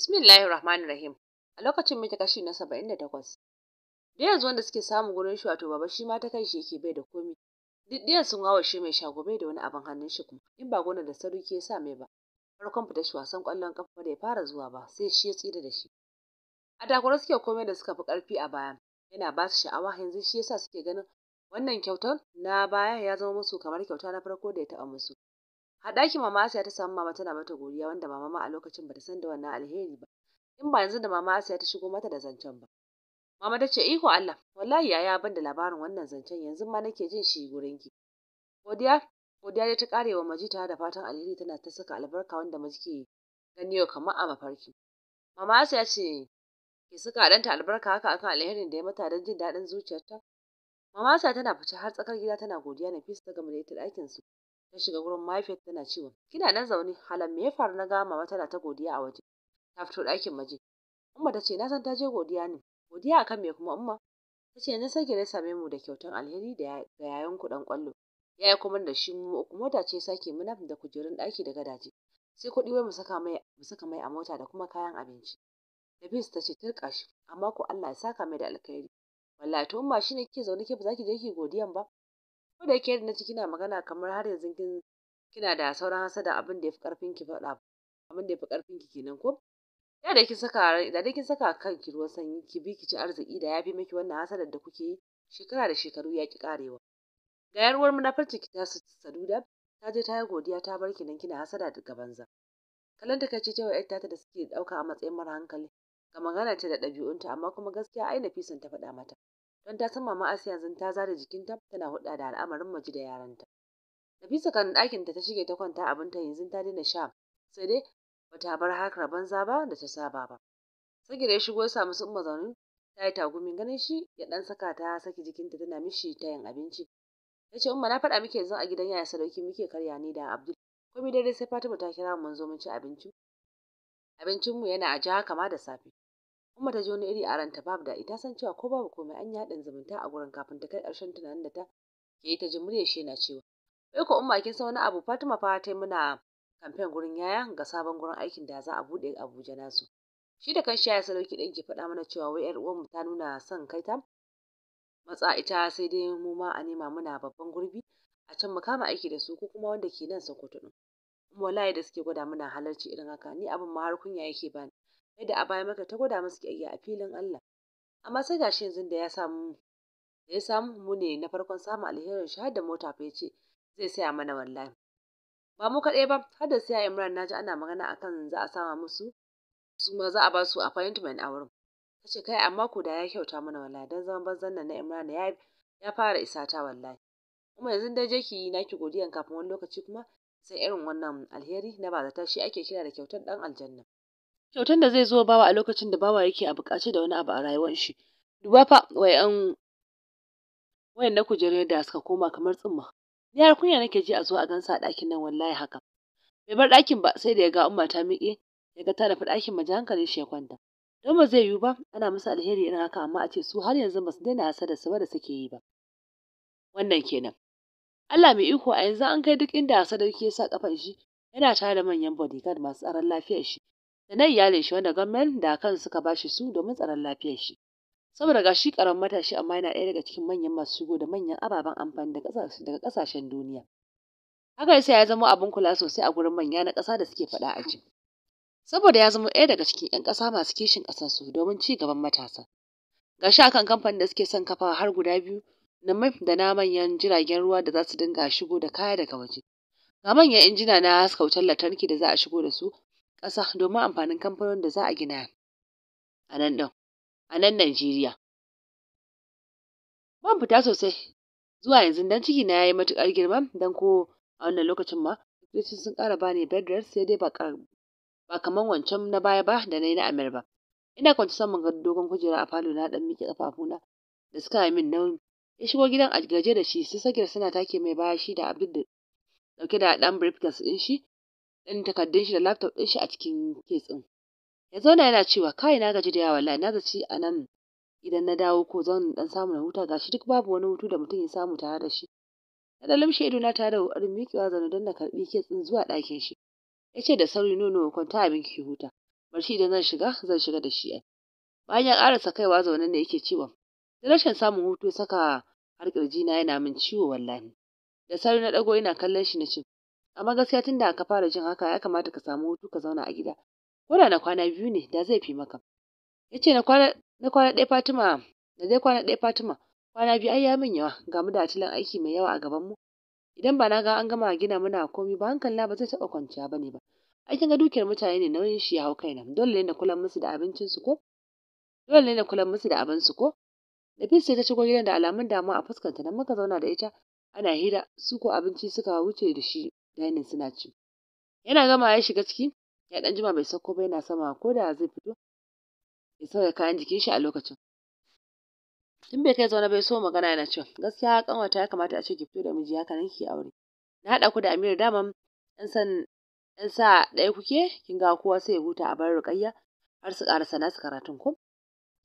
Bismillahir Rahmanir Rahim. A lokacin mita kashi na 78. yanzu wanda suke samun gurin shi wato baba shi ma ta kai shi yake bai da komi. Duk sun wawa shi mai shagobe da wani abin hannun shi kuma in ba gona da saduki ya sa mai ba. Farkon fita shi wasan kwallon kafa da ya fara zuwa ba sai shi ya tsira da shi. A takura suke komai da suka fi karfi a baya yana ba su sha'awa yanzu shi yasa suke ganin wannan kyautar na baya ya zama musu kamar kyauta na farko da ya taɓa musu. A ɗakin Mama Asiya ta samu Mama tana mata godiya wanda Mama a lokacin bata san da wannan alheri ba. In ba yanzu da Mama Asiya ta shigo mata da zancen ba. Mama ta ce iko Allah wallahi yaya ban da labarin wannan zancen yanzu ma nake jin shi gurin ki. Godiya godiya dai ta kare wa Maji da fatan alheri tana ta saka albarka wanda Maji ke gani yau kamar a mafarki. Mama Asiya ce ke saka danta albarka haka akan alherin da ya mata don jin daɗin zuciyarta. Mama Asiya tana fice har tsakar gida tana godiya Nafisa ta gama da ita ɗakin su. ta shiga wurin mahaifiyar tana cewa kina nan zaune halan me ya faru na ga mama tana ta godiya a waje ta fito ɗakin waje umma ta ce na san ta je godiya ne godiya akan me kuma umma ta ce yanzu sai na same mu da kyautan alheri da yayan ku dan kwallo ya yi kuma da shi mu uku mota ce sake muna da kujerun ɗaki da gadaje sai kuɗi wai mu saka mai a mota da kuma kayan abinci Nafis ta ce tirka shi amma ko Allah ya saka mai da alkhairi wallahi to umma shine kike zaune ke ba za ki je ki godiyan ba ko da yake na ji kina magana kamar har yanzu kin kina da sauran hasada abin da yafi karfin ki faɗa abin da yafi karfin ki kenan ko da da kin saka da da kin saka ki ruwan sanyi ki bi ki ci arziki da yafi miki wannan hasadar da kuke yi shekara da shekaru ya ki karewa ga yarwar munafarci ki ta saduda ta je ta yi godiya ta bar ki nan kina hasada daga banza kallon ta kai cewa yar da suke ɗauka a matsayin mara hankali ga magana ta da ɗabi'unta amma kuma gaskiya ai nafisan ta faɗa mata don ta san mama Asiya yanzu ta zare jikinta tana hudda da al'amarin maji da yaranta. Nafisa kan ɗakin ta shige ta kwanta abin ta yanzu ta daina sha sai dai bata bar haka banza ba da ta saba ba. da ya shigo ya samu su mazaunin zaune ta yi tagumin ganin shi ya ɗan saka ta saki jikinta tana mishi ta yin abinci. Ya ce umma na faɗa muke yanzu a gidan yaya sadauki muke karya ni da Abdul. komi dai sai Fatima ta kira mu mun zo mun ci abincin. Abincinmu yana a jiha kama da safe. kuma ta ji wani iri a ranta babu da ita san cewa ko babu komai an yi haɗin zumunta a gurin kafin ta kai ƙarshen tunanin da ta ke yi ta ji muryar shi na cewa wai ko umma kin san wani abu Fatima fa ta muna kamfen gurin yaya ga sabon gurin aikin da za a buɗe Abuja nasu shi da kanshi ya sadauki dan ke faɗa mana cewa wai uwan mu ta nuna son kai ta matsa ita sai dai mu ma a nema muna babban gurbi a can mu kama aiki da su ko kuma wanda ke nan Sokoto din wallahi da suke gwada mana halarci irin haka ni abin ma har kunya yake bani yadda a baya maka ta gwada masu kyayya a filin Allah amma sai gashi yanzu da ya samu da ya samu mu ne na farkon samun alherin shi har da mota fa yace zai saya mana wallahi ba mu kaɗai ba har da sai Imran naji ana magana akan za a sama musu su ma za a ba su appointment a wurin ce kai amma ko da ya kyauta mana wallahi dan zaman banzan nan na Imran ya ya fara isa ta wallahi kuma yanzu dai je ki yi naki godiyan kafin wani lokaci kuma sai irin wannan alheri na ba bazata shi ake kira da kyautar dan aljanna kyautan da zai zo bawa a lokacin da bawa yake a buƙaci da wani abu a rayuwar shi duba fa wayan wayan na kujerar da suka koma kamar tsumma ni har kunya nake ji a zo a gansa a ɗakin nan wallahi haka bai bar ɗakin ba sai da ya ga umma ta miƙe ya ga ta nufi ɗakin maji hankalin shi ya kwanta don ba zai yiwu ba ana musu alheri irin haka amma a ce su har yanzu ba su daina hasada su ba da suke yi ba wannan kenan Allah mai iko a yanzu an kai duk inda sadauki ya sa kafan shi yana tare da manyan bodyguard masu tsaron lafiyar shi da na iyalin wanda gamen da kan suka bashi su domin tsaron lafiyar shi saboda gashi, shi matashi amma yana ɗaya daga cikin manyan masu shigo da manyan ababen amfani daga ƙasashen duniya haka yasa ya zama abin kula sosai a gurin manya na ƙasa da suke faɗa a ji saboda ya zama ɗaya daga cikin 'yan ƙasa masu kishin ƙasarsu domin ci gaban matasa ga shi akan kamfanin da suke son kafa har guda biyu na mai da na manyan jiragen ruwa da za su dinga shigo da kaya daga waje ga manyan injina na haska wutar lantarki da za a shigo da su ƙasa domin amfanin kamfanonin da za a gina a nan ɗin, a nan Najeriya. Ban fita sosai zuwa yanzu dan ciki na yayi matuƙar girma dan ko a wannan lokacin ma sai sun ƙara bani bed rest sai dai ba ba kaman wancan na baya ba da na yi na Amir ba. Ina kwance saman dogon kujera a falo na dan miƙe kafafuna da suka yi min nauyi. Ya shigo gidan a gaje da shi sai sagir suna take mai baya shi da Abdul dauke da dan briefcase din shi ɗin takardun shi da laptop ɗin shi a cikin kes ɗin. Ya zauna yana cewa kai na gaji da yawa wallahi na zaci a nan idan na dawo ko zan dan samu na huta gashi duk babu wani hutu da mutum ya samu tare da shi. Na da lumshe ido na tare da ƙoƙarin miƙewa zaune don na karɓi kes ɗin zuwa ɗakin shi. Ya ce da sauri nono kwanta abin ki huta. Barci idan zan shiga zan shiga da shi ai. Bayan ya ƙarasa kaiwa zaune ne yake cewa da rashin samun hutu ya saka har na yana min ciwo wallahi. Da sauri na ɗago ina kallon shi na ce Amma gaskiya tunda aka fara jin haka ya kamata ka samu hutu ka zauna a gida. Ko da na kwana biyu ne da zai fi maka. Ya ce na kwana ɗaya Fatima da dai kwana ɗaya Fatima kwana biyu ai ya min yawa ga mu da tilan aiki mai yawa a gaban mu. Idan ba na ga an gama gina muna komi ba hankalina ba zai taɓa kwanciya ba ne ba. Ai ga dukiyar mutane ne nauyin shi ya hau kaina dole ne na kula musu da su ko? Dole ne na kula musu da su ko? sai ta shigo gidan da alamun damuwa a fuskanta nan muka zauna da ita ana hira su ko abinci suka wuce da shi dining suna ci yana gama ya shiga ciki ya dan jima bai sauko ba yana sama ko da zai fito ya sauya kayan jikin shi a lokacin tun bai kai zaune bai so magana yana cewa gaskiya kanwata ya kamata a ce ki fito da miji haka nan ki aure na haɗa ku da Amir daman dan san dan sa ɗaya kuke kin ga kowa sai ya huta a bar ruqayya har su ƙara sana su karatun ko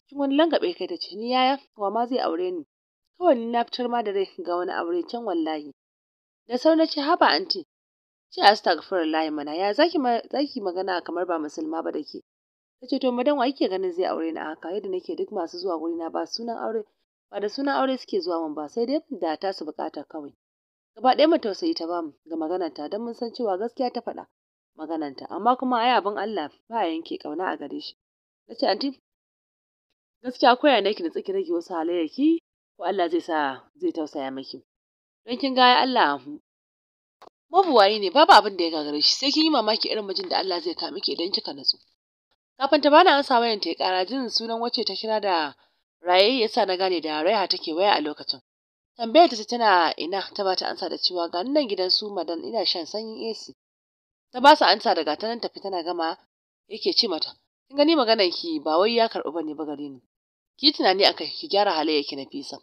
kin wani langabe kai ta ce ni yaya wa ma zai aure ni kawai ni na fitar ma da rai ga wani aure can wallahi da sau na ce haba anti ce layi mana ya zaki zaki magana kamar ba musulma ba da ta ce to madan wa kike ganin zai aure ni a haka yadda nake duk masu zuwa guri na ba sunan aure ba da sunan aure suke zuwa mun ba sai dai da ta su bukata kawai gaba ɗaya mu tausayi ta bamu ga maganarta don mun san cewa gaskiya ta faɗa maganarta amma kuma ai abin Allah ba yanke kauna a gare shi ce anti gaskiya koya naki da tsaki rage wasu halayyaki ko Allah zai sa zai tausaya miki don kin ga Allah ko buwaye ne babu abin da ya gagare shi sai kin yi mamaki irin mijin da Allah zai ka miki idan kika natsu kafin ta an ansa wayan ta kara jin sunan wacce ta kira da raye yasa na gane da raiha take waya a lokacin tambayar ta tana ina ta ba ta ansa da cewa ga nan gidan su madan ina shan sanyin AC ta ba su ansa daga ta nan tafi tana gama yake ce mata kin gani maganar ki ba wai ya karɓi bane ba gare ni ki tunani akai ki gyara halayya ki na fisa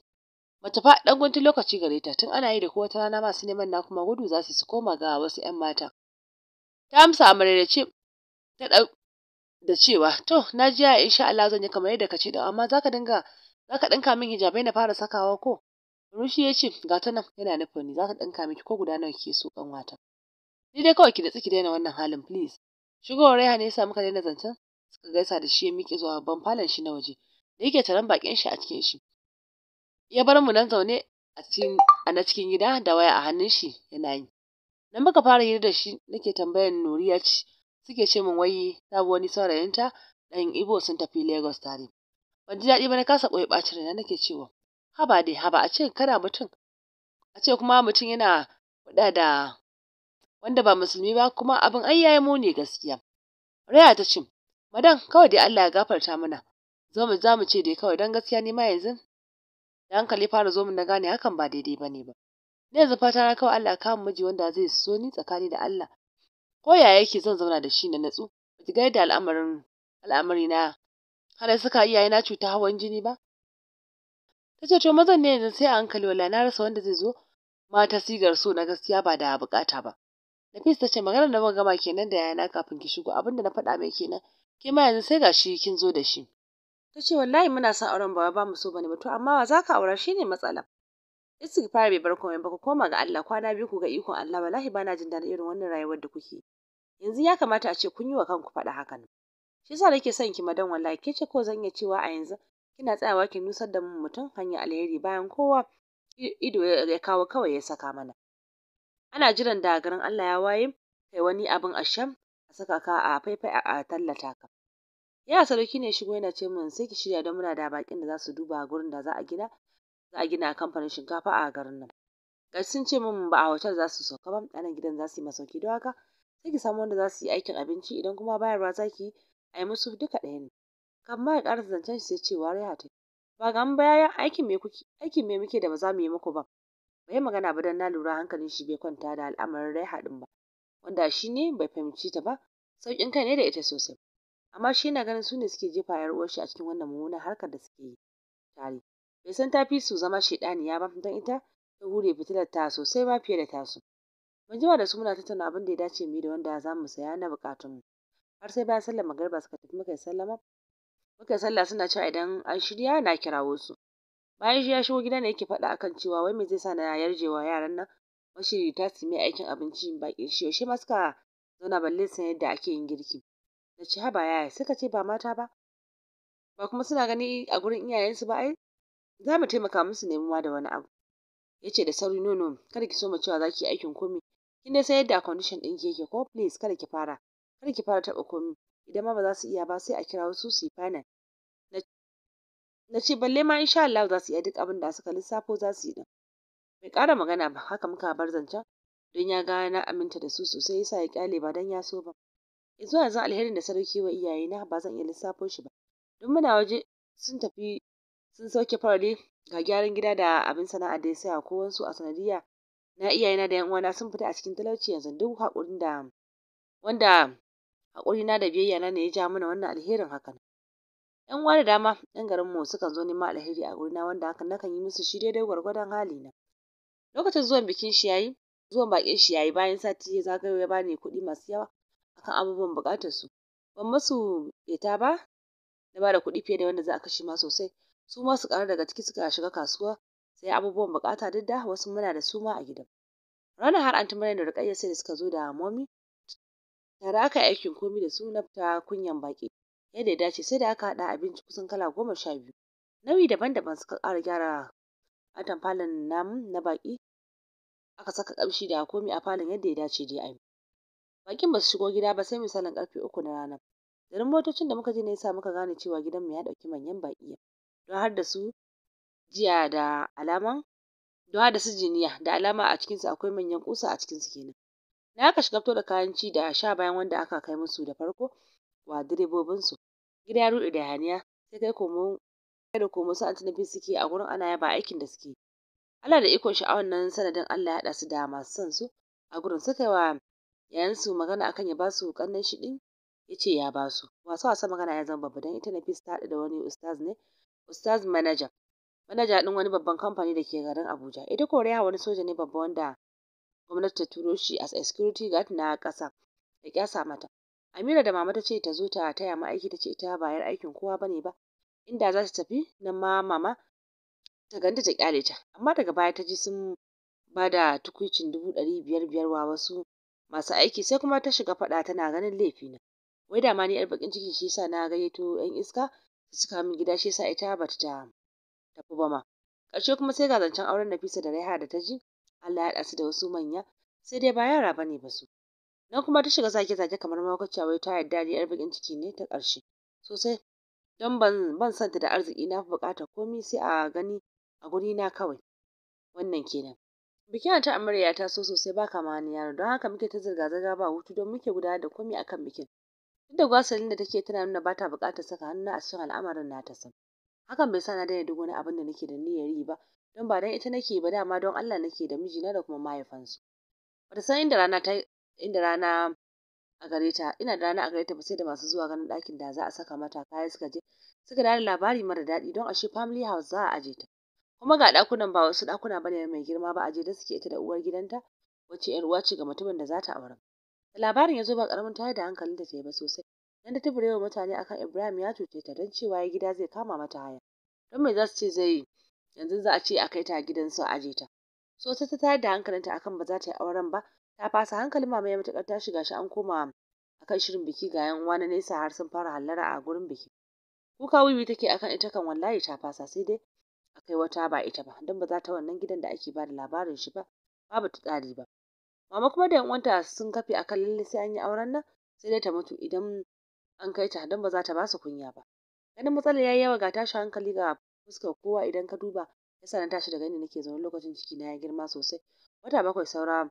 Mace fa dan gunti lokaci gare ta tun ana yi da kowa ta rana su neman na kuma gudu za su koma ga wasu 'yan mata. Ta amsa da ce ta da cewa to na ji ya insha Allah zan yi kamar yadda ka ce da amma zaka dinga zaka dinka min hijabai na fara sakawa ko Rushi ya ce ga ta nan yana nufin ni zaka dinka miki ko guda nawa kike so kan wata Ni dai kawai ki da tsiki daina wannan halin please Shigowar Raiha ne yasa muka daina zancen suka gaisa da shi ya miƙe zuwa ban falon shi na waje da yake taron bakin shi a cikin shi ya bar mu nan zaune a cikin a na cikin gida da waya a hannun shi yana yi nan muka fara hira da shi nake tambayar Nuriya ci suke ce min wai ta wani saurayinta dan Ibo sun tafi Lagos tare ban ji daɗi ba na kasa koyi bacin na nake cewa haba dai haba a ce kana mutum a ce kuma mutum yana kuɗa da wanda ba musulmi ba kuma abin ai yayi ne gaskiya Raya ta ce madan kawai dai Allah ya gafarta mana zo mu zamu ce dai kawai dan gaskiya ni ma yanzu da hankali fara zo min na gane hakan ba daidai bane ba ne yanzu fata na kawai Allah kawo miji wanda zai so ni tsakani da Allah ko yaya yake zan zauna da shi na natsu ba ki ga al'amarin al'amari na har suka iyaye na cuta hawan jini ba ta to mazan ne yanzu sai a hankali wala na rasa wanda zai zo mata sigar so na gaskiya ba da bukata ba Nafis ta ce maganar da muka gama kenan da yana kafin ki shigo abinda na faɗa mai kenan ke ma yanzu sai gashi kin zo da shi ta ce wallahi muna son auren ba ba mu so bane ba to amma wa zaka aura shine matsala istighfar bai bar komai ba ku koma ga Allah kwana biyu ku ga ikon Allah wallahi bana jin daɗin irin wannan rayuwar da kuke yanzu ya kamata a ce kun yi wa kanku faɗa hakan shi yasa nake son ki madan wallahi ke ce ko zan iya cewa a yanzu kina tsayawa ki nusar da mu mutum hanyar alheri bayan kowa ido ya kawo kawai ya saka mana ana jiran da garin Allah ya waye kai wani abin asham a saka ka a faifai a tallata ka ya sadauki ne shigo yana ce min sai ki shirya don muna da bakin da za su duba gurin da za a gina za a gina kamfanin shinkafa a garin nan gashi sun ce min ba a hotel za su sauka ba a gidan za su yi masauki don haka sai ki samu wanda za su yi aikin abinci idan kuma bayarwa za ki yi a yi musu duka ɗaya ne kamar ya ƙara zancen sai cewa ya ta ba ga bayan aikin me kuke aikin me muke da ba za mu yi muku ba bai magana ba dan na lura hankalin shi bai kwanta da al'amarin rai haɗin ba wanda shi ne bai fahimci ta ba Saukin kai ne da ita sosai amma shi na ganin su ne suke jefa yar uwar shi a cikin wannan mummunan harkar da suke yi tare bai san ta fi su zama ya ba don ita ta hure fitilar ta sosai ma fiye da tasu mun jima da su muna tattauna abin da ya dace mu yi da wanda za mu saya na bukatunmu har sai bayan sallar magariba suka tafi muka sallama muka sallah suna cewa idan an shirya na kirawo su bayan shi ya shigo gida ne yake faɗa akan cewa wai me zai sa na yarjewa yaran nan mashirita su mai aikin abinci baƙin shi yaushe ma suka zauna balle san yadda ake yin girki na ci haba yaya suka ce ba mata ba ba kuma suna gani a gurin iyayensu ba ai za mu taimaka musu nemuwa da wani abu ya ce da sauri nono kada ki so mu cewa za ki yi aikin komi kin dai sai yadda condition ɗin ki yake ko please kada ki fara kada ki fara taɓa komi idan ma ba za su iya ba sai a kira wasu su yi final na ce balle ma insha Allah za su iya duk abin da suka lissafo za su yi din bai ƙara magana ba haka muka bar zancen don ya ga na aminta da su sosai yasa ya kyale ba don ya so ba zuwa yanzu alherin da sadauki wa iyayena ba zan iya lissafo shi ba don muna waje sun tafi sun sauke farale ga gyaran gida da abin sana'a da ya saya ko wasu a sanadiyya na iyayena da yan uwana sun fita a cikin talauci yanzu duk haƙurin da wanda na da biyayya na ne ya ja mana wannan alherin hakan yan uwa da dama yan garin mu sukan zo neman alheri a gurina wanda hakan nakan yi musu shi daidai gwargwadon halina lokacin zuwan bikin shi yayi zuwan bakin shi yayi bayan sati ya zagayo ya bani kuɗi masu yawa akan abubuwan buƙatar su ban masu ƙeta ba na bada kuɗi fiye da wanda za a kashe ma sosai su ma su ƙaru daga ciki suka shiga kasuwa sai abubuwan buƙata duk da wasu muna da su ma a gidan ranar har anti Maryam da Rukayya sai da suka zo da momi tare aka yi aikin komi da su na fita kunyan baƙi yadda ya dace sai da aka haɗa abinci kusan kala goma sha biyu nauyi daban-daban suka ƙara gyara atamfalin namu na baƙi aka saka ƙamshi da komai a falon yadda ya dace dai a bakin ba su shigo gida ba sai misalin karfe uku na rana garin motocin da muka je ne yasa muka gane cewa gidan mu ya dauki manyan baki don har da su jiya da alama don har da su jiniya da alama a cikinsu akwai manyan kusa a cikinsu kenan na aka shiga fito da kayan ci da sha bayan wanda aka kai musu da farko wa direbobinsu gida ya rude da haniya sai kai komo kai da komo su suke a gurin ana yaba aikin da suke Allah da ikon sha'awan nan sanadin Allah ya haɗa su da masu son su a gurin suka wa su magana akan ya basu kannan shi din ya ce ya basu wasu wasa magana ya zama babba dan ita Nafis ta da wani ustaz ne ustaz manaja manaja din wani babban kamfani da ke garin Abuja ita korea wani soja ne babba wanda gwamnati ta turo shi as a security guard na kasa ya kyasa mata Amira da mama ta ce ta zo ta taya mu aiki ta ce ita ba yar aikin kowa bane ba inda za ta tafi na ma mama ta ganta ta kyale ta amma daga baya ta ji sun ba da tukuicin dubu ɗari biyar biyarwa wasu masu aiki sai kuma ta shiga faɗa tana ganin laifina wai da ma ni yar bakin ciki shi yasa na gayyato yan iska su suka min gida shi yasa ita bata ta tafi ba ma ƙarshe kuma sai ga zancen auren Nafisa da Raiha da ta ji Allah ya haɗa su da wasu manya sai dai ba yara bane ba su nan kuma ta shiga zage zage kamar mahaukaciya wai ta yarda ni yar bakin ciki ne ta ƙarshe sosai don ban ban santa da arziki na fi bukata komai sai a gani a guri na kawai wannan kenan Bikin ta Amarya ya taso sosai ba kama wani yaro, don haka muke ta zirga-zirga ba hutu don muke gudanar da komai akan bikin. Duk da gwasalin da take tana nuna bata ta buƙatar saka hannu a cikin al'amarin na ta san. Hakan bai sa na daina duk wani abin da nake da niyyar yi ba, don ba don ita nake ba dama don Allah nake da mijina da kuma mahaifansu. Ba ta san inda rana ta inda rana a gare ta, ina da rana a gare ta ba sai da masu zuwa ganin ɗakin da za a saka mata kaya suka je suka da labari mara daɗi don ashe family house za a aje ta. kuma ga ɗakunan ba wasu ɗakuna bane mai girma ba a da suke ita da uwar gidanta wacce yar uwa ce ga mutumin da za ta aure. da labarin ya zo ba karamin tayar da hankalin ta ba sosai nan da tuburewa mutane akan Ibrahim ya cuce ta don cewa ya gida zai kama mata haya don me za su ce zai yanzu za a ce a kai ta gidan su aje ta so ta tayar da hankalinta akan ba za ta yi auren ba ta fasa hankalin mama ya matuƙar ta shiga shi an koma akan shirin biki ga yan uwa na nesa har sun fara hallara a gurin biki kuka wiwi take akan ita kan wallahi ta fasa sai dai akai wata ba ita ba don ba za ta wannan gidan da ake ba da labarin shi ba babu ta tsari ba mama kuma da uwanta sun kafe akan lalle sai an yi auren nan sai dai ta mutu idan an kai ta don ba za ta ba su kunya ba ganin matsalar yayi yawa ga tashi hankali ga fuskar kowa idan ka duba yasa na tashi da gani nake zaune lokacin ciki na ya girma sosai wata bakwai saura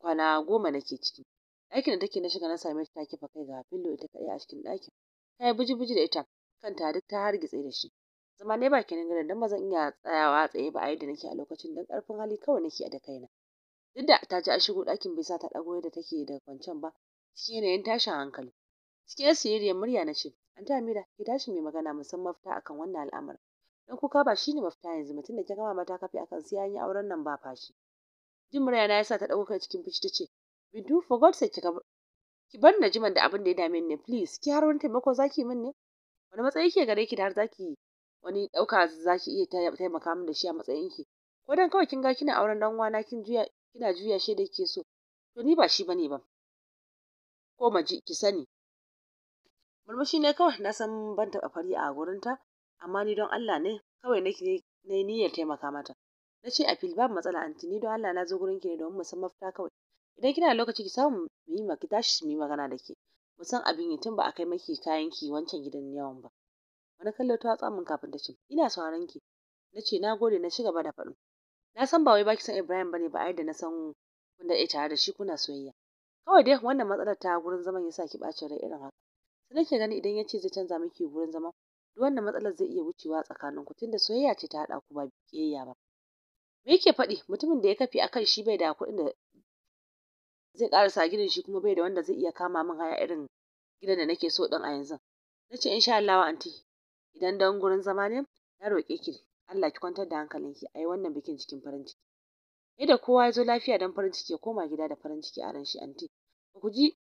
kwana goma nake ciki ɗakin da take na shiga na same ta kifa kai ga fillo ita kaɗai a cikin ɗakin ta yi buji-buji da ita kanta duk ta hargitse da shi Zama ne bakin gadon don ba zan iya tsayawa tsaye ba a yadda nake a lokacin dan karfin hali kawai nake da kaina. Duk da ta ji a shigo ɗakin bai sa ta ɗago yadda take da kwancen ba cikin yanayin tashin hankali. Cikin siririyar murya na ce, An ta Amira, ki tashi mai magana mu san mafita akan wannan al'amarin. Dan kuka ba shi ne mafita yanzu mutum da kin kama mata kafi akan sai an yi auren nan ba fashi. Jin murya na yasa ta ɗago kai cikin fushi ta ce, Bintu, for God sake ki bar na jiman da abin da ya dame ni please, ki har wani taimako zaki min ne? Wani matsayi ke gare ki da har zaki wani ɗauka za ki iya taimaka min da shi a matsayin ki ko dan kawai kin ga kina auren dan uwana kin juya kina juya shi da kike so to ni ba shi bane ba ko ji ki sani murmushi ne kawai na san ban taɓa fari a gurin ta amma ni don Allah ne kawai nake ne niyyar taimaka mata na ce a fil babu matsala anti ni don Allah na zo gurin ki ne domin mu san mafita kawai idan kina da lokaci ki samu mu yi tashi mu yi magana da ke mu san abin yi tun ba a kai maki kayan ki wancan gidan yawan ba Wani kallo ta watsa min kafin ta ce, ina sauraron ki. Na ce, na gode na ci gaba da faɗo. Na san ba wai baki san Ibrahim bane ba a yadda na san kun da tare da shi kuna soyayya. Kawai dai wannan matsalar ta gurin zaman yasa ki ɓacin rai irin haka. Sai nake gani idan ya ce zai canza miki gurin zaman. duk wannan matsalar zai iya wucewa tsakaninku tunda soyayya ce ta haɗa ku ba biyayya ba. Me yake faɗi mutumin da ya kafi akan shi bai da kuɗin da zai ƙarasa gidan shi kuma bai da wanda zai iya kama min haya irin gidan da nake so ɗin a yanzu. Na ce insha Allah anti idan dan gurin zama ne na roƙe ki Allah ki kwantar da hankalinki ayi wannan bikin cikin farin ciki da kowa ya zo lafiya dan farin ciki ya koma gida da farin ciki a ran shi anti ba ku ji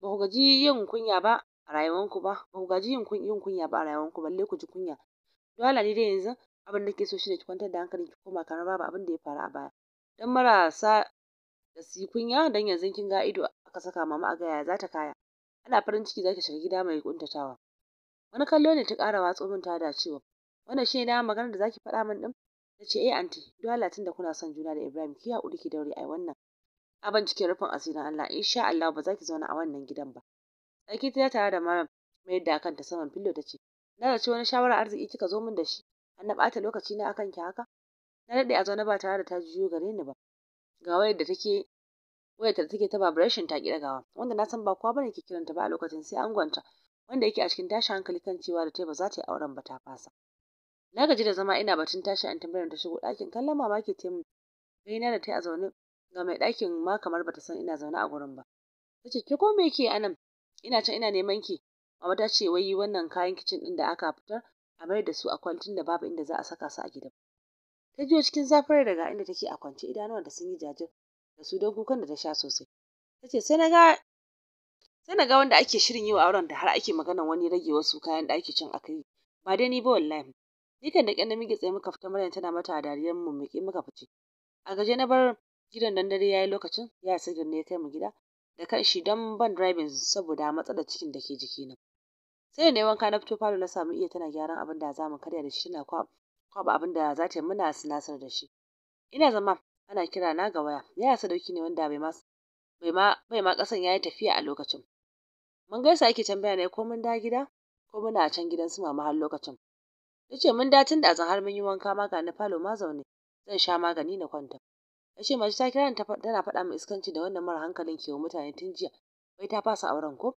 ba ku gaji yin kunya ba a ku ba ba ku gaji yin yin kunya ba a ku balle ku ji kunya dole ne dai yanzu abin da ke so shine ki kwantar da ki koma kamar babu abin da ya faru a baya dan marasa da su kunya dan yanzu kin ga ido aka saka mama a gaya za ta kaya ana farin ciki za ki shiga gida mai kuntatawa wani kallo ne ta ƙara watso min ta da cewa wannan shine dama maganar da zaki faɗa min ɗin? na ce eh anti dole tun da kuna son juna da Ibrahim ki haƙuri ki daure ai wannan abin cikin rufin asirin Allah insha Allah ba za ki zauna a wannan gidan ba sarki ta tare da maram mai yadda kanta saman fillo ta ce na da ce wani shawara arziki kika zo min da shi an na ɓata lokaci na akan ki haka na daɗe a zaune ba tare da ta juyo gare ni ba ga wayar da take wayar da take ta vibration ta ki dagawa wanda na san ba kowa bane ke kiranta ba a lokacin sai angonta wanda yake a cikin tashin hankali kan cewa da ta ba za ta yi auren ba ta fasa na gaji da zama ina batun tashi an tambayar ta shigo ɗakin kallon mamaki ta mu na da ta a zaune ga mai ɗakin ma kamar bata san ina zaune a gurin ba Ta ce ke ko me a anan ina can ina neman ki mama ta ce wai wannan kayan kicin ɗin da aka fitar a mayar da su a kwantin da babu inda za a saka su a gidan ta jiyo cikin zafin rai daga inda take a kwance idanuwa da sun yi jajir da su don kukan da ta sha sosai ta ce sai na ga Sai na ga wanda ake shirin yi wa auren da har ake maganar wani rage wasu kayan ɗaki cin aka yi. Ba dai ni ba wallahi. Ni kan da ƙyar miki tsaye muka fita Maryam tana mata dariyar muke muka fice. A gaje na bar gidan dan dare yayi lokacin ya gidan ne ya kai mu gida da kan shi don ban driving saboda matsalar cikin da ke jiki na Sai da wanka na fito falo na samu iya tana gyaran abin da za mu karya da shi tana kwaba abin da za ta yi muna sinasar da shi. Ina zama ana kira na ga waya. Yaya Sadauki ne wanda bai masa bai ma bai ya yi tafiya a lokacin mun gaisa yake tambaya ne ko mun da gida ko muna can gidan su mama har lokacin nace mun da tun da har mun yi wanka ma ga na falo ma zaune zan sha magani na kwanta nace mace ta kira ni tana faɗa min iskanci da wannan mara hankalin ke mutane tun jiya bai ta fasa auren ko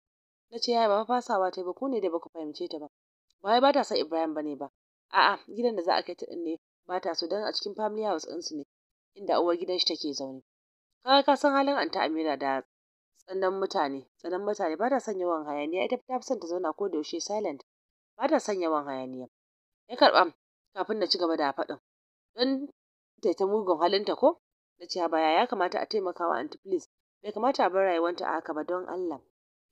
nace yaya ba fasawa ta ba ku ne da ba ku fahimce ta ba ba wai ba ta son Ibrahim bane ba a'a gidan da za a kai ta din ne ba ta so dan a cikin family house ɗinsu ne inda uwar gidan shi take zaune Kaga ka san halin Anta Amira da tsanan mutane, tsanan mutane ba ta son yawan hayaniya, ita ta fi son ta zauna ko da yaushe silent. Ba ta son yawan hayaniya. Ya karɓa kafin na ci gaba da faɗin. Don tai ta mugun halinta ko? Na ce haba ya kamata a taimaka wa Anty please. Bai kamata a bar ta a haka ba don Allah.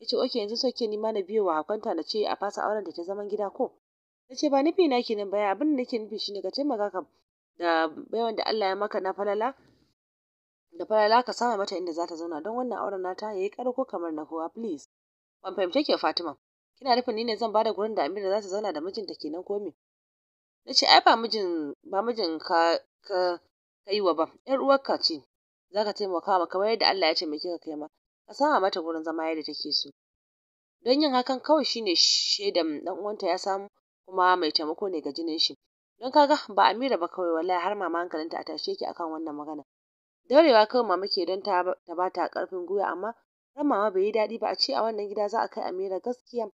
Ya ce okay yanzu sauke ni ma na biyo wa hakonta na ce a fasa auren da ta zaman gida ko? Na ce ba nufi na kenan baya abin da nake nufi shine ka taimaka ka da baiwan da Allah ya maka na falala da falala ka sama mata inda za ta zauna don wannan auren nata ya yayi karko kamar na kowa please ban fahimce ki Fatima kina nufin ni ne zan bada gurin da Amira za ta zauna da mijinta kenan ko me ce ai ba mijin ba mijin ka ka kai wa ba yar uwarka ce za ka taimaka ma kamar yadda Allah ya taimake ka kai ma ka sama mata gurin zama yadda take so don yin hakan kawai shine shaidan dan uwanta ya samu kuma mai taimako ne ga jinin shi don kaga ba Amira ba kawai wallahi har mama hankalinta a tashe ki akan wannan magana Daurewa kawai mama ke don ta ba ta ƙarfin gwiwa amma ran mama bai yi daɗi ba a ce a wannan gida za a kai Amira gaskiya.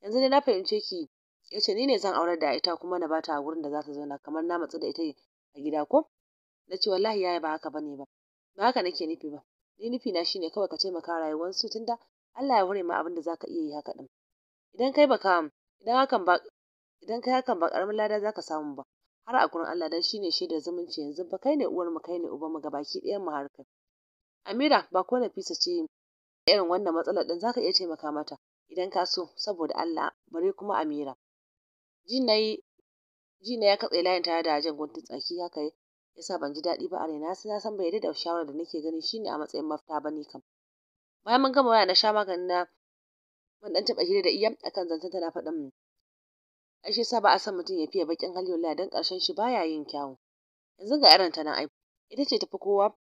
Yanzu dai na fahimce ki yace ni ne zan aurar da ita kuma na ba ta wurin da za ta zauna kamar na matsu da ita a gida ko? Na ce wallahi yaya ba haka bane ba. Ba haka nake nufi ba. Ni nufina shine kawai ka taimaka su tunda Allah ya hore ma abinda da za ka iya yi haka din. Idan kai baka idan hakan ba idan kai hakan ba ƙaramin lada za ka samu ba. har a gurin Allah dan shine shaidar zumunci yanzu ba kai ne uwar mu kai ne uban mu baki ɗayan mu harka Amira ba ko Nafisa ce irin wannan matsalar din zaka iya taimaka mata idan ka so saboda Allah bare kuma Amira jinayi jina ya katse layin tare da ajin guntun tsaki haka yasa ban ji daɗi ba a raina sai na san bai da shawarar da nake gani shine a matsayin mafita bane kam bayan mun gama waya na sha maganin na mun dan taba hira da iya akan zancen tana faɗin ai shi yasa ba a son mutum ya fiye bakin hali wallahi dan karshen shi baya yin kyawu yanzu ga irin ta nan ai ita ce tafi kowa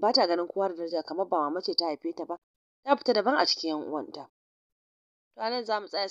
ba ta ganin kowa da daraja kamar ba mama ce ta haife ta ba ta fita daban a cikin yan uwanta to anan za mu tsaya